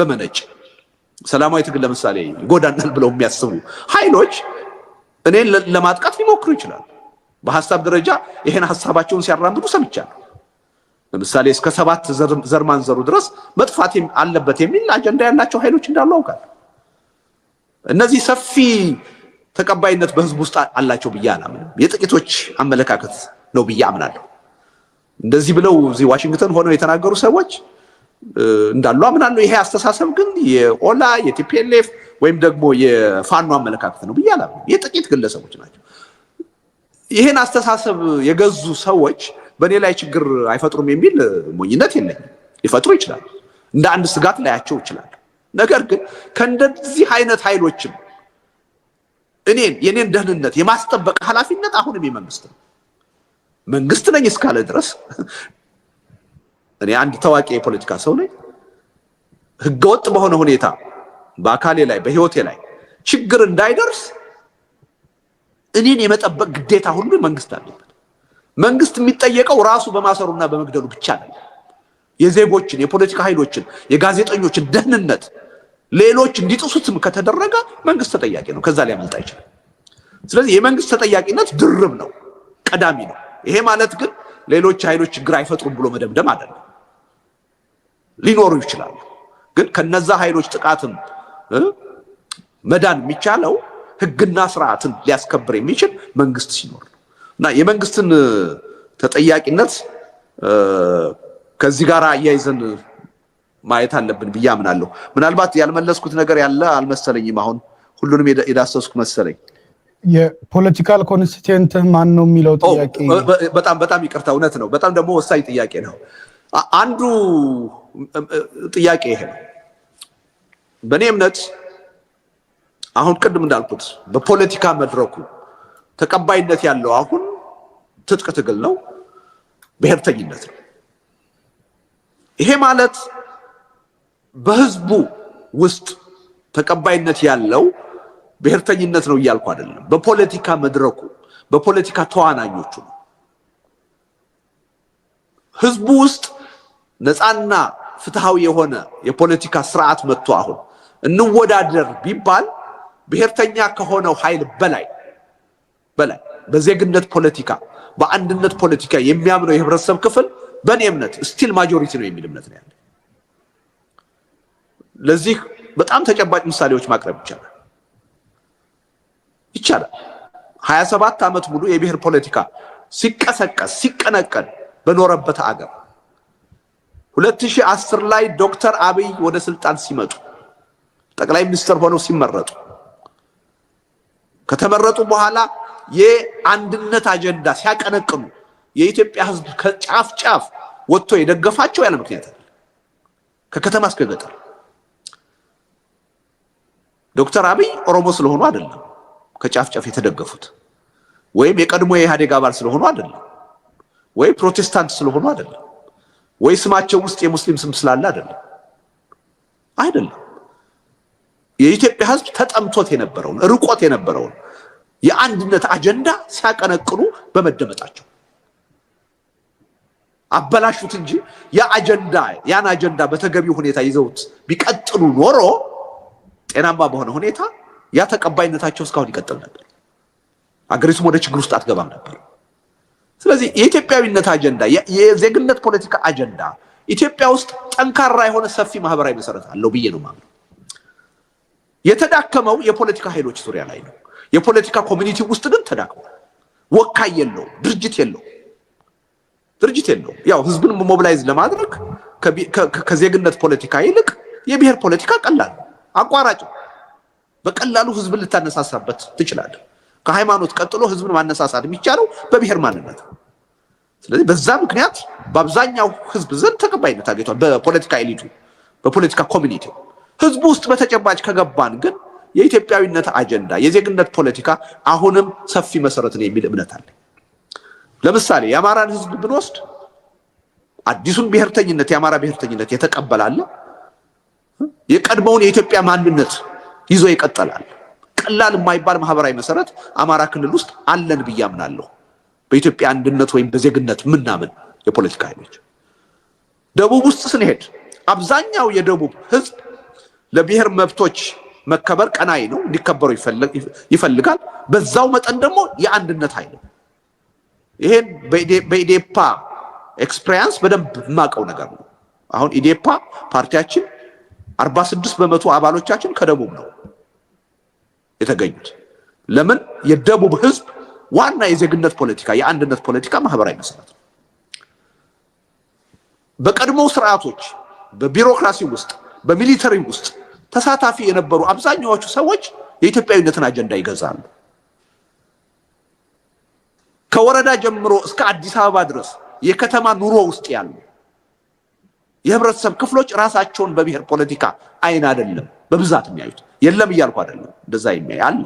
በመነጭ ሰላማዊ ትግል ለምሳሌ ይጎዳናል ብለው የሚያስቡ ኃይሎች እኔን ለማጥቃት ሊሞክሩ ይችላሉ። በሀሳብ ደረጃ ይሄን ሀሳባቸውን ሲያራምዱ ሰምቻለሁ። ለምሳሌ እስከ ሰባት ዘር ማንዘሩ ድረስ መጥፋት አለበት የሚል አጀንዳ ያላቸው ኃይሎች እንዳሉ አውቃለሁ። እነዚህ ሰፊ ተቀባይነት በህዝብ ውስጥ አላቸው ብዬ አላምንም። የጥቂቶች አመለካከት ነው ብዬ አምናለሁ። እንደዚህ ብለው እዚህ ዋሽንግተን ሆነው የተናገሩ ሰዎች እንዳሉ አምናለሁ። ይሄ አስተሳሰብ ግን የኦላ የቲፒኤልኤፍ ወይም ደግሞ የፋኖ አመለካከት ነው ብዬ አላምንም። የጥቂት ግለሰቦች ናቸው። ይህን አስተሳሰብ የገዙ ሰዎች በእኔ ላይ ችግር አይፈጥሩም የሚል ሞኝነት የለኝም። ሊፈጥሩ ይችላሉ። እንደ አንድ ስጋት ላያቸው ይችላል። ነገር ግን ከእንደዚህ አይነት ኃይሎችም እኔን የእኔን ደህንነት የማስጠበቅ ኃላፊነት አሁንም የመንግስት ነው። መንግስት ነኝ እስካለ ድረስ እኔ አንድ ታዋቂ የፖለቲካ ሰው ነኝ። ህገወጥ በሆነ ሁኔታ በአካሌ ላይ በህይወቴ ላይ ችግር እንዳይደርስ እኔን የመጠበቅ ግዴታ ሁሉ መንግስት አለበት። መንግስት የሚጠየቀው ራሱ በማሰሩና በመግደሉ ብቻ ነው። የዜጎችን፣ የፖለቲካ ኃይሎችን፣ የጋዜጠኞችን ደህንነት ሌሎች እንዲጥሱትም ከተደረገ መንግስት ተጠያቂ ነው። ከዛ ሊያመልጥ አይችልም። ስለዚህ የመንግስት ተጠያቂነት ድርብ ነው፣ ቀዳሚ ነው። ይሄ ማለት ግን ሌሎች ኃይሎች ችግር አይፈጥሩም ብሎ መደምደም አይደለም። ሊኖሩ ይችላሉ። ግን ከነዛ ኃይሎች ጥቃትን መዳን የሚቻለው ህግና ስርዓትን ሊያስከብር የሚችል መንግስት ሲኖር ነው እና የመንግስትን ተጠያቂነት ከዚህ ጋር አያይዘን ማየት አለብን ብዬ አምናለሁ። ምናልባት ያልመለስኩት ነገር ያለ አልመሰለኝም። አሁን ሁሉንም የዳሰስኩ መሰለኝ። የፖለቲካል ኮንስቲቱንት ማን ነው የሚለው ጥያቄ በጣም በጣም ይቅርታ፣ እውነት ነው። በጣም ደግሞ ወሳኝ ጥያቄ ነው። አንዱ ጥያቄ ይሄ ነው። በእኔ እምነት አሁን ቅድም እንዳልኩት በፖለቲካ መድረኩ ተቀባይነት ያለው አሁን ትጥቅ ትግል ነው፣ ብሔርተኝነት ነው። ይሄ ማለት በህዝቡ ውስጥ ተቀባይነት ያለው ብሔርተኝነት ነው እያልኩ አይደለም። በፖለቲካ መድረኩ በፖለቲካ ተዋናኞቹ ነው ህዝቡ ውስጥ ነፃና ፍትሃዊ የሆነ የፖለቲካ ስርዓት መጥቶ አሁን እንወዳደር ቢባል ብሔርተኛ ከሆነው ኃይል በላይ በላይ በዜግነት ፖለቲካ በአንድነት ፖለቲካ የሚያምነው የህብረተሰብ ክፍል በእኔ እምነት ስቲል ማጆሪቲ ነው የሚል እምነት ነው ያለ። ለዚህ በጣም ተጨባጭ ምሳሌዎች ማቅረብ ይቻላል ይቻላል። ሀያ ሰባት ዓመት ሙሉ የብሔር ፖለቲካ ሲቀሰቀስ ሲቀነቀን በኖረበት አገር 2010 ላይ ዶክተር አብይ ወደ ስልጣን ሲመጡ ጠቅላይ ሚኒስትር ሆነው ሲመረጡ ከተመረጡ በኋላ የአንድነት አጀንዳ ሲያቀነቅኑ የኢትዮጵያ ሕዝብ ከጫፍ ጫፍ ወጥቶ የደገፋቸው ያለ ምክንያት ከከተማ እስከ ገጠር ዶክተር አብይ ኦሮሞ ስለሆኑ አይደለም ከጫፍ ጫፍ የተደገፉት፣ ወይም የቀድሞ የኢህአዴግ አባል ስለሆኑ አይደለም፣ ወይም ፕሮቴስታንት ስለሆኑ አይደለም። ወይ ስማቸው ውስጥ የሙስሊም ስም ስላለ አይደለም አይደለም። የኢትዮጵያ ሕዝብ ተጠምቶት የነበረውን ርቆት የነበረውን የአንድነት አጀንዳ ሲያቀነቅኑ በመደመጣቸው አበላሹት እንጂ ያ አጀንዳ ያን አጀንዳ በተገቢው ሁኔታ ይዘውት ቢቀጥሉ ኖሮ ጤናማ በሆነ ሁኔታ ያ ተቀባይነታቸው እስካሁን ይቀጥል ነበር። አገሪቱም ወደ ችግር ውስጥ አትገባም ነበር። ስለዚህ የኢትዮጵያዊነት አጀንዳ፣ የዜግነት ፖለቲካ አጀንዳ ኢትዮጵያ ውስጥ ጠንካራ የሆነ ሰፊ ማህበራዊ መሰረት አለው ብዬ ነው ማለት። የተዳከመው የፖለቲካ ኃይሎች ዙሪያ ላይ ነው። የፖለቲካ ኮሚኒቲ ውስጥ ግን ተዳክሟል። ወካይ የለው፣ ድርጅት የለው፣ ድርጅት የለው። ያው ህዝብን ሞቢላይዝ ለማድረግ ከዜግነት ፖለቲካ ይልቅ የብሔር ፖለቲካ ቀላል አቋራጭ፣ በቀላሉ ህዝብን ልታነሳሳበት ትችላለህ። ከሃይማኖት ቀጥሎ ህዝብን ማነሳሳት የሚቻለው በብሔር ማንነት። ስለዚህ በዛ ምክንያት በአብዛኛው ህዝብ ዘንድ ተቀባይነት አግኝቷል። በፖለቲካ ኤሊቱ፣ በፖለቲካ ኮሚኒቲው ህዝቡ ውስጥ በተጨባጭ ከገባን ግን የኢትዮጵያዊነት አጀንዳ የዜግነት ፖለቲካ አሁንም ሰፊ መሰረት ነው የሚል እምነት አለ። ለምሳሌ የአማራን ህዝብ ብንወስድ አዲሱን ብሔርተኝነት የአማራ ብሔርተኝነት የተቀበላለ የቀድሞውን የኢትዮጵያ ማንነት ይዞ ይቀጠላል። ቀላል የማይባል ማህበራዊ መሰረት አማራ ክልል ውስጥ አለን ብዬ አምናለሁ። በኢትዮጵያ አንድነት ወይም በዜግነት ምናምን የፖለቲካ ኃይሎች ደቡብ ውስጥ ስንሄድ አብዛኛው የደቡብ ህዝብ ለብሔር መብቶች መከበር ቀናይ ነው፣ እንዲከበሩ ይፈልጋል። በዛው መጠን ደግሞ የአንድነት ኃይል ይሄን በኢዴፓ ኤክስፔሪያንስ በደንብ የማውቀው ነገር ነው። አሁን ኢዴፓ ፓርቲያችን አርባ ስድስት በመቶ አባሎቻችን ከደቡብ ነው። የተገኙት። ለምን የደቡብ ህዝብ ዋና የዜግነት ፖለቲካ የአንድነት ፖለቲካ ማህበራዊ መሰረት ነው። በቀድሞ ስርዓቶች በቢሮክራሲ ውስጥ በሚሊተሪ ውስጥ ተሳታፊ የነበሩ አብዛኛዎቹ ሰዎች የኢትዮጵያዊነትን አጀንዳ ይገዛሉ። ከወረዳ ጀምሮ እስከ አዲስ አበባ ድረስ የከተማ ኑሮ ውስጥ ያሉ የህብረተሰብ ክፍሎች ራሳቸውን በብሔር ፖለቲካ አይን አይደለም በብዛት የሚያዩት የለም እያልኩ አይደለም፣ እንደዛ የሚያይ አለ።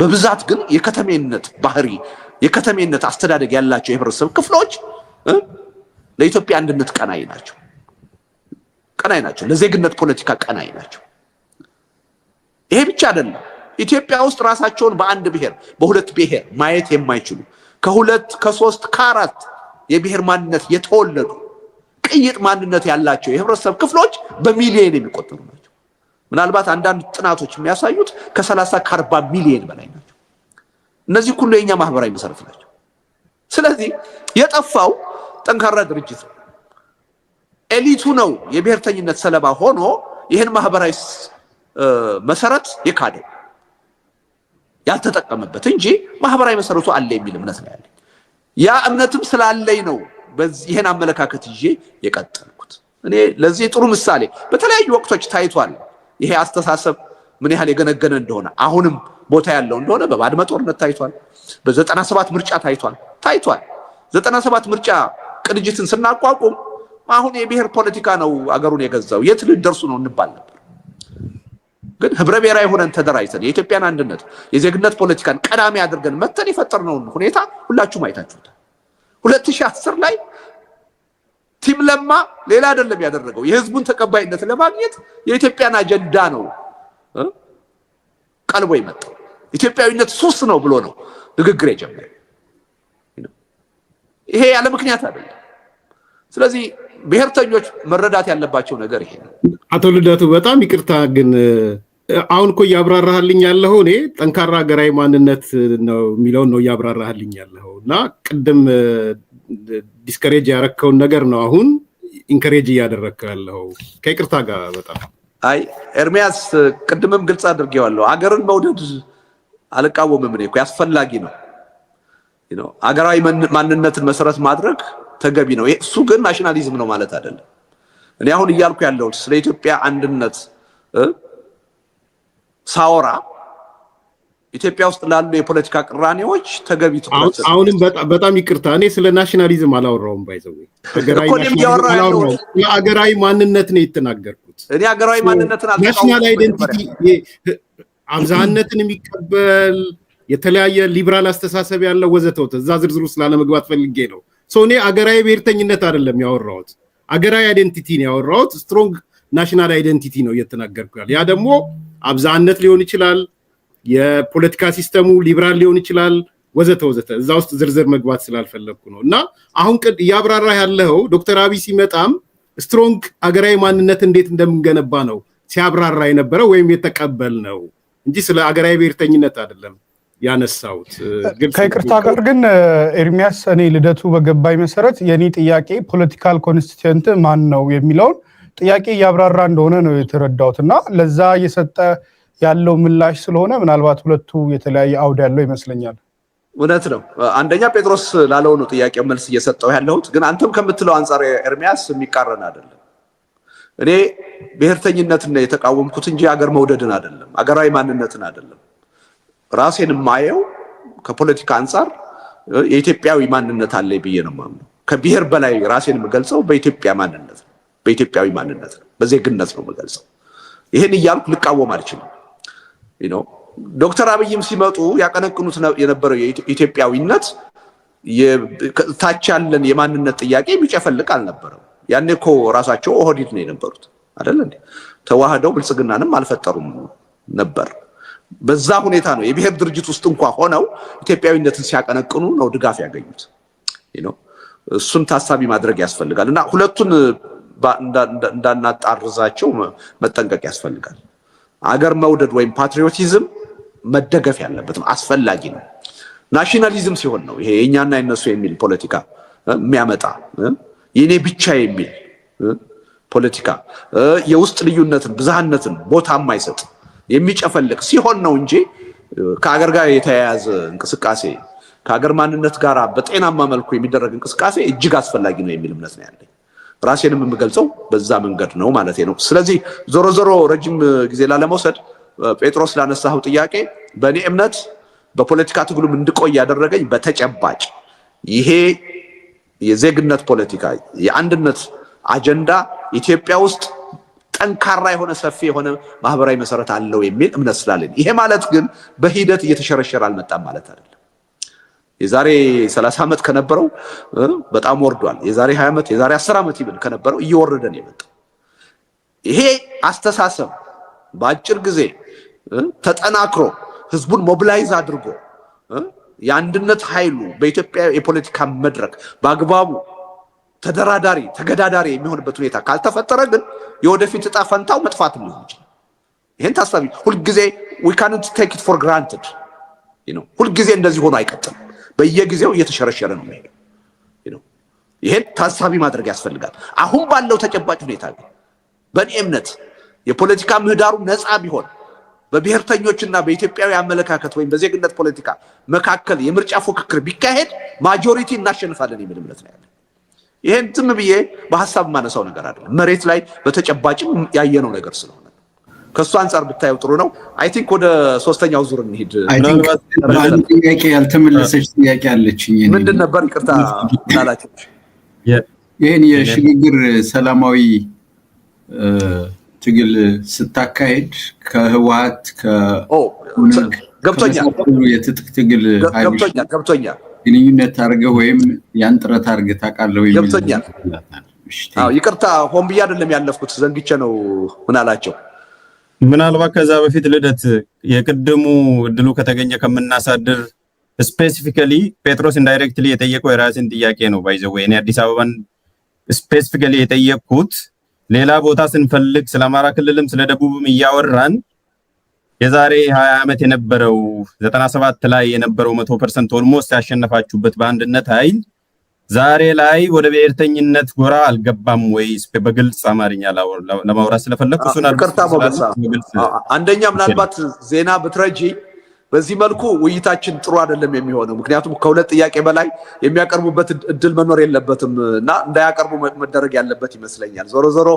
በብዛት ግን የከተሜነት ባህሪ የከተሜነት አስተዳደግ ያላቸው የህብረተሰብ ክፍሎች ለኢትዮጵያ አንድነት ቀናይ ናቸው፣ ቀናይ ናቸው፣ ለዜግነት ፖለቲካ ቀናይ ናቸው። ይሄ ብቻ አይደለም። ኢትዮጵያ ውስጥ ራሳቸውን በአንድ ብሔር በሁለት ብሔር ማየት የማይችሉ ከሁለት ከሶስት ከአራት የብሔር ማንነት የተወለዱ ቅይጥ ማንነት ያላቸው የህብረተሰብ ክፍሎች በሚሊዮን የሚቆጠሩ ናቸው። ምናልባት አንዳንድ ጥናቶች የሚያሳዩት ከሰላሳ ከአርባ ሚሊየን በላይ ናቸው። እነዚህ ሁሉ የኛ ማህበራዊ መሰረት ናቸው። ስለዚህ የጠፋው ጠንካራ ድርጅት ነው። ኤሊቱ ነው የብሔርተኝነት ሰለባ ሆኖ ይህን ማህበራዊ መሰረት የካደው ያልተጠቀመበት እንጂ ማህበራዊ መሰረቱ አለ የሚል እምነት ነው ያለኝ። ያ እምነትም ስላለኝ ነው ይህን አመለካከት ይዤ የቀጠልኩት። እኔ ለዚህ ጥሩ ምሳሌ በተለያዩ ወቅቶች ታይቷል። ይሄ አስተሳሰብ ምን ያህል የገነገነ እንደሆነ አሁንም ቦታ ያለው እንደሆነ በባድመ ጦርነት ታይቷል። በዘጠና ሰባት ምርጫ ታይቷል ታይቷል። ዘጠና ሰባት ምርጫ ቅንጅትን ስናቋቁም አሁን የብሔር ፖለቲካ ነው አገሩን የገዛው የት ልደርሱ ነው እንባል ነበር። ግን ህብረ ብሔራዊ ሆነን ተደራጅተን የኢትዮጵያን አንድነት የዜግነት ፖለቲካን ቀዳሚ አድርገን መተን የፈጠርነውን ሁኔታ ሁላችሁም አይታችሁታል። ሁለት ሺህ አስር ላይ ቲም ለማ ሌላ አይደለም ያደረገው የህዝቡን ተቀባይነት ለማግኘት የኢትዮጵያን አጀንዳ ነው ቀልቦ የመጣው። ኢትዮጵያዊነት ሱስ ነው ብሎ ነው ንግግር የጀመረ። ይሄ ያለ ምክንያት አይደለም። ስለዚህ ብሔርተኞች መረዳት ያለባቸው ነገር ይሄ ነው። አቶ ልደቱ በጣም ይቅርታ ግን አሁን እኮ እያብራራህልኝ ያለኸው እኔ ጠንካራ ሀገራዊ ማንነት ነው የሚለውን ነው እያብራራህልኝ ያለኸው እና ቅድም ዲስከሬጅ ያረከውን ነገር ነው አሁን ኢንከሬጅ እያደረግክ ያለው ከይቅርታ ጋር በጣም አይ ኤርሚያስ ቅድምም ግልጽ አድርጌዋለሁ። አገርን መውደድ አልቃወምም። እኔ አስፈላጊ ነው። አገራዊ ማንነትን መሰረት ማድረግ ተገቢ ነው። እሱ ግን ናሽናሊዝም ነው ማለት አይደለም። እኔ አሁን እያልኩ ያለሁት ስለ ኢትዮጵያ አንድነት ሳወራ ኢትዮጵያ ውስጥ ላሉ የፖለቲካ ቅራኔዎች ተገቢ ትኩረት አሁንም በጣም ይቅርታ፣ እኔ ስለ ናሽናሊዝም አላወራውም። ባይዘው ሀገራዊ ማንነት ነው የተናገርኩት። እኔ ሀገራዊ ማንነትን ናሽናል አይደንቲቲ አብዛሃነትን የሚቀበል የተለያየ ሊብራል አስተሳሰብ ያለው ወዘተውት እዛ ዝርዝር ውስጥ ላለመግባት ፈልጌ ነው። እኔ ሀገራዊ ብሔርተኝነት አይደለም ያወራሁት፣ ሀገራዊ አይደንቲቲ ነው ያወራሁት። ስትሮንግ ናሽናል አይደንቲቲ ነው እየተናገርኩ ያለ ያ ደግሞ አብዛሃነት ሊሆን ይችላል የፖለቲካ ሲስተሙ ሊብራል ሊሆን ይችላል ወዘተ ወዘተ። እዛ ውስጥ ዝርዝር መግባት ስላልፈለግኩ ነው። እና አሁን እያብራራ ያለው ዶክተር አብይ ሲመጣም ስትሮንግ አገራዊ ማንነት እንዴት እንደምንገነባ ነው ሲያብራራ የነበረ ወይም የተቀበል ነው እንጂ ስለ አገራዊ ብሔርተኝነት አይደለም ያነሳውት ከይቅርታ ጋር ግን ኤርሚያስ፣ እኔ ልደቱ በገባኝ መሰረት የእኔ ጥያቄ ፖለቲካል ኮንስቲትንት ማን ነው የሚለውን ጥያቄ እያብራራ እንደሆነ ነው የተረዳውት እና ለዛ የሰጠ ያለው ምላሽ ስለሆነ ምናልባት ሁለቱ የተለያየ አውድ ያለው ይመስለኛል። እውነት ነው። አንደኛ ጴጥሮስ ላለው ነው ጥያቄ መልስ እየሰጠው ያለሁት፣ ግን አንተም ከምትለው አንጻር ኤርሚያስ የሚቃረን አይደለም። እኔ ብሔርተኝነትን የተቃወምኩት እንጂ አገር መውደድን አይደለም፣ አገራዊ ማንነትን አይደለም። ራሴን የማየው ከፖለቲካ አንጻር የኢትዮጵያዊ ማንነት አለ ብዬ ነው የማምነው። ከብሔር በላይ ራሴን የምገልጸው በኢትዮጵያ ማንነት ነው፣ በኢትዮጵያዊ ማንነት ነው፣ በዜግነት ነው የምገልጸው። ይህን እያልኩ ልቃወም አልችልም። ዶክተር አብይም ሲመጡ ያቀነቅኑት የነበረው የኢትዮጵያዊነት ታች ያለን የማንነት ጥያቄ የሚጨፈልቅ አልነበረም። ያኔ እኮ ራሳቸው ኦህዴድ ነው የነበሩት አደለ? ተዋህደው ብልጽግናንም አልፈጠሩም ነበር። በዛ ሁኔታ ነው የብሔር ድርጅት ውስጥ እንኳ ሆነው ኢትዮጵያዊነትን ሲያቀነቅኑ ነው ድጋፍ ያገኙት። እሱን ታሳቢ ማድረግ ያስፈልጋል እና ሁለቱን እንዳናጣርዛቸው መጠንቀቅ ያስፈልጋል። አገር መውደድ ወይም ፓትሪዮቲዝም መደገፍ ያለበትም አስፈላጊ ነው። ናሽናሊዝም ሲሆን ነው ይሄ የእኛና የነሱ የሚል ፖለቲካ የሚያመጣ የኔ ብቻ የሚል ፖለቲካ የውስጥ ልዩነትን ብዝሃነትን ቦታ የማይሰጥ የሚጨፈልቅ ሲሆን ነው እንጂ ከሀገር ጋር የተያያዘ እንቅስቃሴ ከሀገር ማንነት ጋር በጤናማ መልኩ የሚደረግ እንቅስቃሴ እጅግ አስፈላጊ ነው የሚል እምነት ነው ያለኝ። ራሴንም የምገልጸው በዛ መንገድ ነው ማለት ነው። ስለዚህ ዞሮ ዞሮ ረጅም ጊዜ ላለመውሰድ ጴጥሮስ ላነሳው ጥያቄ በእኔ እምነት በፖለቲካ ትግሉም እንድቆይ ያደረገኝ በተጨባጭ ይሄ የዜግነት ፖለቲካ የአንድነት አጀንዳ ኢትዮጵያ ውስጥ ጠንካራ የሆነ ሰፊ የሆነ ማህበራዊ መሰረት አለው የሚል እምነት ስላለን። ይሄ ማለት ግን በሂደት እየተሸረሸረ አልመጣም ማለት አይደለም። የዛሬ 30 ዓመት ከነበረው በጣም ወርዷል። የዛሬ 20 ዓመት የዛሬ 10 ዓመት ይብል ከነበረው እየወረደ ነው የመጣው። ይሄ አስተሳሰብ በአጭር ጊዜ ተጠናክሮ ህዝቡን ሞቢላይዝ አድርጎ የአንድነት ኃይሉ በኢትዮጵያ የፖለቲካ መድረክ በአግባቡ ተደራዳሪ ተገዳዳሪ የሚሆንበት ሁኔታ ካልተፈጠረ ግን የወደፊት እጣ ፈንታው መጥፋት ሊሆን ይችላል። ይህን ታሳቢ ሁልጊዜ ዊ ካንት ቴክ ኢት ፎር ግራንትድ ሁልጊዜ እንደዚህ ሆኖ አይቀጥልም። በየጊዜው እየተሸረሸረ ነው የሚሄደው። ይሄን ታሳቢ ማድረግ ያስፈልጋል። አሁን ባለው ተጨባጭ ሁኔታ ግን በእኔ እምነት የፖለቲካ ምህዳሩ ነፃ ቢሆን በብሔርተኞችና በኢትዮጵያዊ አመለካከት ወይም በዜግነት ፖለቲካ መካከል የምርጫ ፉክክር ቢካሄድ ማጆሪቲ እናሸንፋለን የሚል እምነት ነው ያለ። ይህን ዝም ብዬ በሀሳብ የማነሳው ነገር አይደለም። መሬት ላይ በተጨባጭም ያየነው ነገር ስለሆነ ከእሱ አንጻር ብታየው ጥሩ ነው። አይ ቲንክ ወደ ሶስተኛው ዙር እንሂድ። ጥያቄ ያልተመለሰች ጥያቄ አለችኝ። ምንድን ነበር? ይቅርታ ላላቸው ይህን የሽግግር ሰላማዊ ትግል ስታካሄድ ከህወሀት ገብቶኛል የትጥቅ ትግል ገብቶኛል ገብቶኛል ግንኙነት አድርገህ ወይም ያን ጥረት አድርገህ ታውቃለህ ወይ? ገብቶኛል። ይቅርታ ሆን ብዬ አይደለም ያለፍኩት ዘንግቼ ነው። ምን አላቸው ምናልባት ከዛ በፊት ልደት የቅድሙ እድሉ ከተገኘ ከምናሳድር ስፔሲፊካሊ ጴጥሮስ ኢንዳይሬክትሊ የጠየቀው የራሴን ጥያቄ ነው። ባይዘዌ እኔ አዲስ አበባን ስፔሲፊካሊ የጠየቅኩት ሌላ ቦታ ስንፈልግ ስለ አማራ ክልልም ስለ ደቡብም እያወራን የዛሬ ሀያ ዓመት የነበረው ዘጠና ሰባት ላይ የነበረው መቶ ፐርሰንት ኦልሞስት ያሸነፋችሁበት በአንድነት ኃይል ዛሬ ላይ ወደ ብሔርተኝነት ጎራ አልገባም ወይስ? በግልጽ አማርኛ ለማውራት ስለፈለግ እሱን አንደኛ ምናልባት ዜና ብትረጂ በዚህ መልኩ ውይይታችን ጥሩ አይደለም የሚሆነው። ምክንያቱም ከሁለት ጥያቄ በላይ የሚያቀርቡበት እድል መኖር የለበትም እና እንዳያቀርቡ መደረግ ያለበት ይመስለኛል። ዞሮ ዞሮ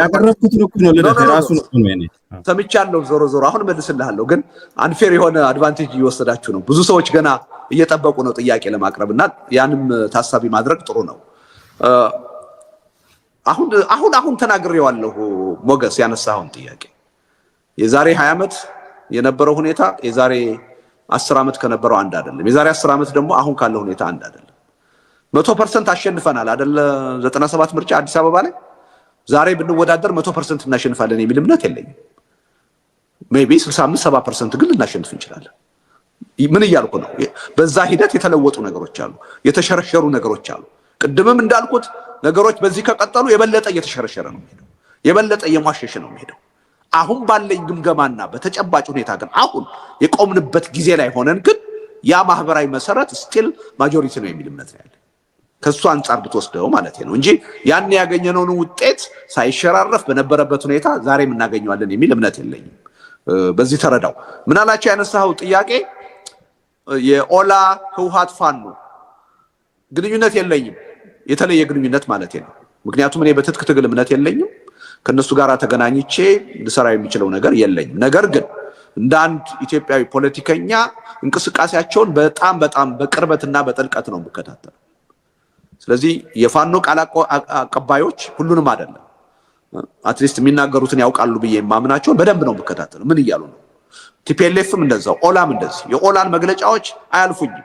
ያቀረብኩትን እኮ ነው ልደት እኮ ነው ሰምቻለሁ። ዞሮ ዞሮ አሁን መልስልሃለሁ፣ ግን አንፌር የሆነ አድቫንቴጅ እየወሰዳችሁ ነው። ብዙ ሰዎች ገና እየጠበቁ ነው ጥያቄ ለማቅረብ እና ያንም ታሳቢ ማድረግ ጥሩ ነው። አሁን አሁን አሁን ተናግሬዋለሁ ሞገስ ያነሳውን ጥያቄ የዛሬ ሀያ ዓመት የነበረው ሁኔታ የዛሬ አስር ዓመት ከነበረው አንድ አይደለም። የዛሬ አስር ዓመት ደግሞ አሁን ካለው ሁኔታ አንድ አይደለም። መቶ ፐርሰንት አሸንፈናል አይደለ? ዘጠና ሰባት ምርጫ አዲስ አበባ ላይ ዛሬ ብንወዳደር መቶ ፐርሰንት እናሸንፋለን የሚል እምነት የለኝም። ሜይ ቢ ስልሳ አምስት ፐርሰንት ግን ልናሸንፍ እንችላለን። ምን እያልኩ ነው? በዛ ሂደት የተለወጡ ነገሮች አሉ፣ የተሸረሸሩ ነገሮች አሉ። ቅድምም እንዳልኩት ነገሮች በዚህ ከቀጠሉ የበለጠ እየተሸረሸረ ነው የሚሄደው፣ የበለጠ እየሟሸሽ ነው የሚሄደው። አሁን ባለኝ ግምገማና በተጨባጭ ሁኔታ ግን አሁን የቆምንበት ጊዜ ላይ ሆነን ግን ያ ማህበራዊ መሰረት ስቲል ማጆሪቲ ነው የሚል እምነት ነው ያለ። ከሱ አንጻር ብትወስደው ማለት ነው እንጂ ያን ያገኘነውን ውጤት ሳይሸራረፍ በነበረበት ሁኔታ ዛሬም እናገኘዋለን የሚል እምነት የለኝም። በዚህ ተረዳው። ምናላቸው ያነሳኸው ጥያቄ የኦላ ህውሃት ፋኖ ግንኙነት የለኝም፣ የተለየ ግንኙነት ማለት ነው። ምክንያቱም እኔ በትጥቅ ትግል እምነት የለኝም። ከእነሱ ጋር ተገናኝቼ ልሰራ የሚችለው ነገር የለኝም። ነገር ግን እንደ አንድ ኢትዮጵያዊ ፖለቲከኛ እንቅስቃሴያቸውን በጣም በጣም በቅርበትና በጥልቀት ነው የምከታተለው። ስለዚህ የፋኖ ቃል አቀባዮች ሁሉንም አይደለም፣ አትሊስት የሚናገሩትን ያውቃሉ ብዬ የማምናቸውን በደንብ ነው የምከታተለው። ምን እያሉ ነው? ቲፒኤልኤፍም እንደዛው፣ ኦላም እንደዚህ። የኦላን መግለጫዎች አያልፉኝም፣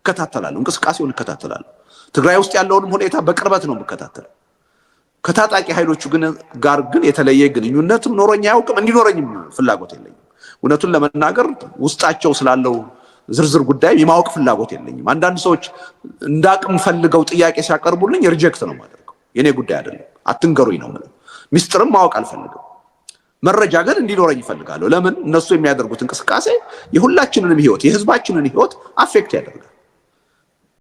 እከታተላለሁ፣ እንቅስቃሴውን እከታተላለሁ። ትግራይ ውስጥ ያለውንም ሁኔታ በቅርበት ነው የምከታተለው። ከታጣቂ ኃይሎቹ ግን ጋር ግን የተለየ ግንኙነትም ኖሮኝ አያውቅም፣ እንዲኖረኝም ፍላጎት የለኝም። እውነቱን ለመናገር ውስጣቸው ስላለው ዝርዝር ጉዳይ የማወቅ ፍላጎት የለኝም። አንዳንድ ሰዎች እንዳቅም ፈልገው ጥያቄ ሲያቀርቡልኝ ሪጀክት ነው የማደርገው። የኔ ጉዳይ አይደለም፣ አትንገሩኝ ነው የምለው። ሚስጥርም ማወቅ አልፈልግም። መረጃ ግን እንዲኖረኝ ይፈልጋለሁ። ለምን? እነሱ የሚያደርጉት እንቅስቃሴ የሁላችንንም ህይወት የህዝባችንን ህይወት አፌክት ያደርጋል።